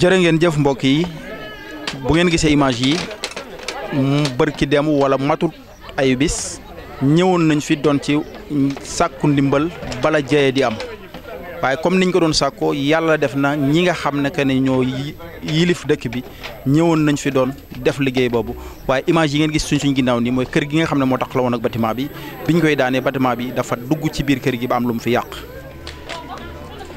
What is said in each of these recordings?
jërë ngeen jëf mbokk yi bu ngeen gisee image yi mm, bërki dem wala matut ay bis ñëwoon nañ fi doon ci sàkku ndimbal bala jëye di am waaye comme ni niñ ko doon sàkkoo yàlla def na ñi nga xam ne que ne ñoo yilif dëkk bi ñëwoon nañ fi doon def liggéey boobu waaye image yi ngeen gis suñ suñ ginnaaw nii mooy kër gi nga xam ne moo tax la woon ak bâtiment bi biñ koy daanee bâtiment bi dafa dugg ci biir kër gi ba am lu mu fi yàq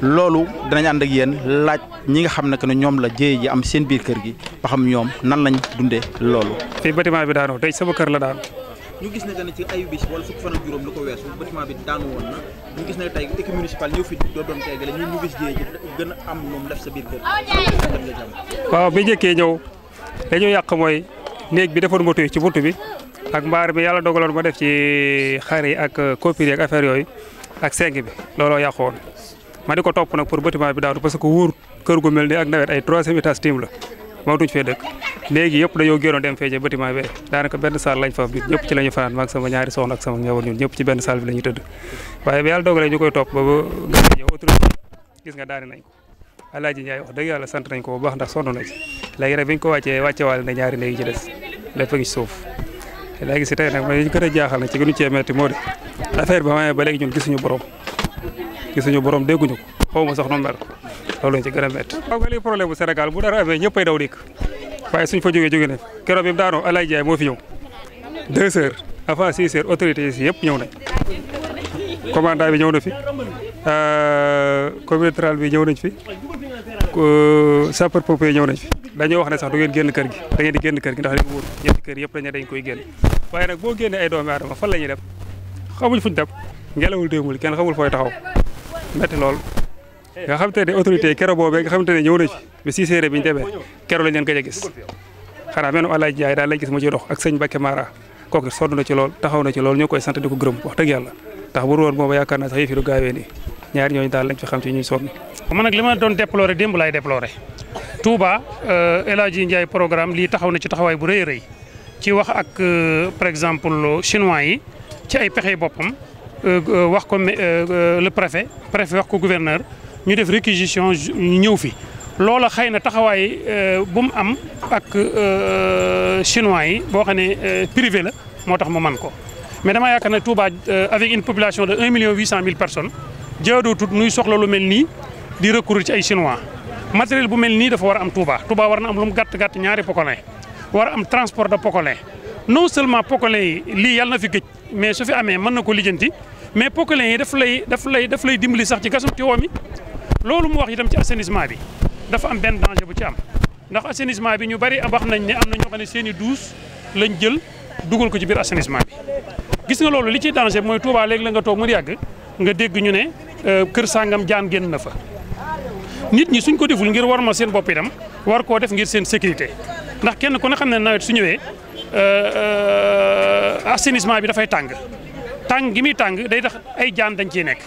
loolu danañ ànd ak yéen laaj ñi nga xam ne que ne ñoom la jéye ji am seen biir kër gi ba xam ñoom nan lañ dundee loolu. fii bâtiment bi daanoo tey sama kër la daan. ñu gis ne que ne ci ayu bis wala fukki fan ak juróom lu ko weesu bâtiment daanu na ñu gis ne tey doo doon teegale ñun ñu am moom def sa biir kër waaw bi njëkkee ñëw dañoo yàq mooy néeg bi defoon ma tuy ci buntu bi ak mbaar bi yàlla dogaloon ma def ci xar yi ak copine ak affaire yooyu ak seng bi looloo yàqoon ma di ko topp nag pour bâtiment bi daaru parce que wour keur gu melni ak nawet ay troisième étage tim la ma mawtuñ fee dëkk léegi da yo gëron dem feeje bâtiment bi daanaka benn salle lañ fa ñun ñëpp ci lañu faan mak sama ñaari soxna ak sama njaboot ñun ñëpp ci benn salle bi lañu ñuy waye bi yalla dogalé ñukoy top ba ba gàtt yow gis nga daari nañ ko alaaji ñay wax deug yalla sant nañ ko bu baax ndax sonu nañ ci rek biñ ko wacce wacce wal na ñaari néeg ci dess lépp ngi ci suuf léegi si tey nag ma ñu gëna jaaxal na ci gënu ci metti modi affaire bi amee ba léegi ñun gisunu borom gisuñu borom dégguñu ko xaw ma sax nu mel loolu lañ ci gën a métti. xam nga lii problème bu Sénégal bu dara amee ñëppay daw dikk waaye suñ fa jógee jógee ne keroog bi mu daanoo Alaye Ndiaye moo fi ñëw deux heures avant six heures autorités yi si yëpp ñëw nañ commandant bi ñëw na fi euh, communauté bi ñëw nañ fi euh, sapeur pompier ñëw nañ fi dañoo wax ne sax du ngeen génn kër gi da ngeen di génn kër gi ndax dañu wóor ñetti kër yëpp dañu dañ koy génn waaye nag boo génnee ay doomi aadama fan la ñuy dem xamuñ fuñ dem ngelawul déemul kenn xamul fooy taxaw metti lol nga xam tane autorité kéro bobé nga xam tane ne ñëw na ci bi ci séré biñu débé kéro kero lañ leen gëj a gis xanaa menu alaaji jaay da lay gis mu ci dox ak sëñ bakke Mara kooku sonn na ci lol taxaw na ci lol ñu koy sant di ko gërëm wax dëgg yalla tax bu ruwoon bobu yakarna sax yëf gaawé ni ñaar ñoy dal lañ fi xam ci ñuy sonn man nak lima ma doon déploré démb laay déploré Touba euh eladji Ndiaye programme li taxaw na ci taxaway bu reey reey ci wax ak euh, par exemple chinois yi ci ay pexé bopam Euh, euh, euh, le préfet préfet gouverneur nous devons réquisition bu mu chinois yi la mais avec une population de 1 million de personnes. personnes nuy recourir ci chinois matériel bu am Touba Touba transport de non seulement pokolé li na fi mais su fi amee mën na ko lijjanti mais pocalin yi daf lay daf lay daf lay dimbali sax ci gasum ci woo mi loolu mu wax itam ci assainissement bi dafa am benn danger bu ci am ndax assainissement bi ñu bari wax nañ ne am na ñoo xam ne seen i douche lañ jël dugal ko ci biir assainissement bi. gis nga loolu li ci danger mooy Touba léegi la nga toog mu yàgg nga dégg ñu ne euh, kër sangam jaan génn na fa nit ñi suñ ko deful ngir war ma seen bopp itam war koo def ngir seen sécurité ndax kenn ku ne xam ne nawet su ñëwee. Euh, euh, assainissement bi dafay tàng tàng gi muy tàng day tax ay jaan dañ ciy nekk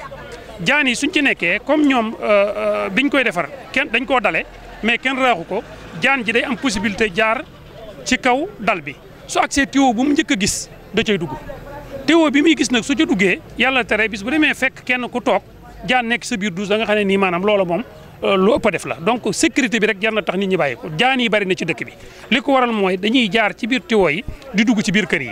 jaan yi suñ ci nekkee comme ñoom euh, biñ koy defar kenn dañ koo dale mais kenn raaxu ko jaan ji day am possibilité jaar ci kaw dal bi su accès tuyau bu mu njëkk gis da cay dugg tuyau bi muy gis nag su ci duggee yàlla tere bis bu demee fekk kenn ku toog jaan nekk sa biir douche da nga xam ne nii maanaam loola moom Euh, lu ëpp a def la donc sécurité bi rek jar na tax nit ñi bàyyi jaan yi bari na ci dëkk bi li ko waral mooy dañuy jaar ci biir tiwo yi di dugg ci biir kër yi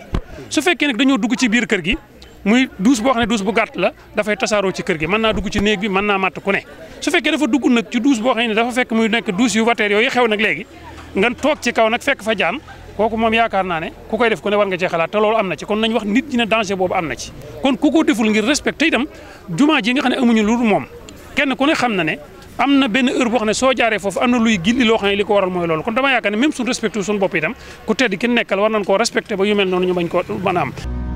su fekkee nag dañoo dugg ci biir kër gi muy duus boo xam ne duus bu gàtt la dafay tasaaroo ci kër gi mën naa dugg ci néeg bi naa matt ko ne su fekkee dafa dugg nag ci duus boo xam ne dafa fekk muy nekk duus yu wateer yooyu xew nag léegi nga toog ci kaw nag fekk fa jaan kooku moom yaakaar naa ne ku koy def ko ne war nga cee xalaat te loolu am na ci kon nañ wax nit ñi ne danger boobu am na ci kon ku ko deful ngir respecté itam ji nga xam ne amuñu lu moom kenn ku ne xam na ne am na benn heure boo xam ne soo jaaree foofu am na luy gilli loo xam ne li ko waral mooy loolu kon dama yaakaar ne même suñ respecté suñu bopp itam tedd ki nekkal war nañ koo respecté ba yu mel noonu ñu bañ koo mën am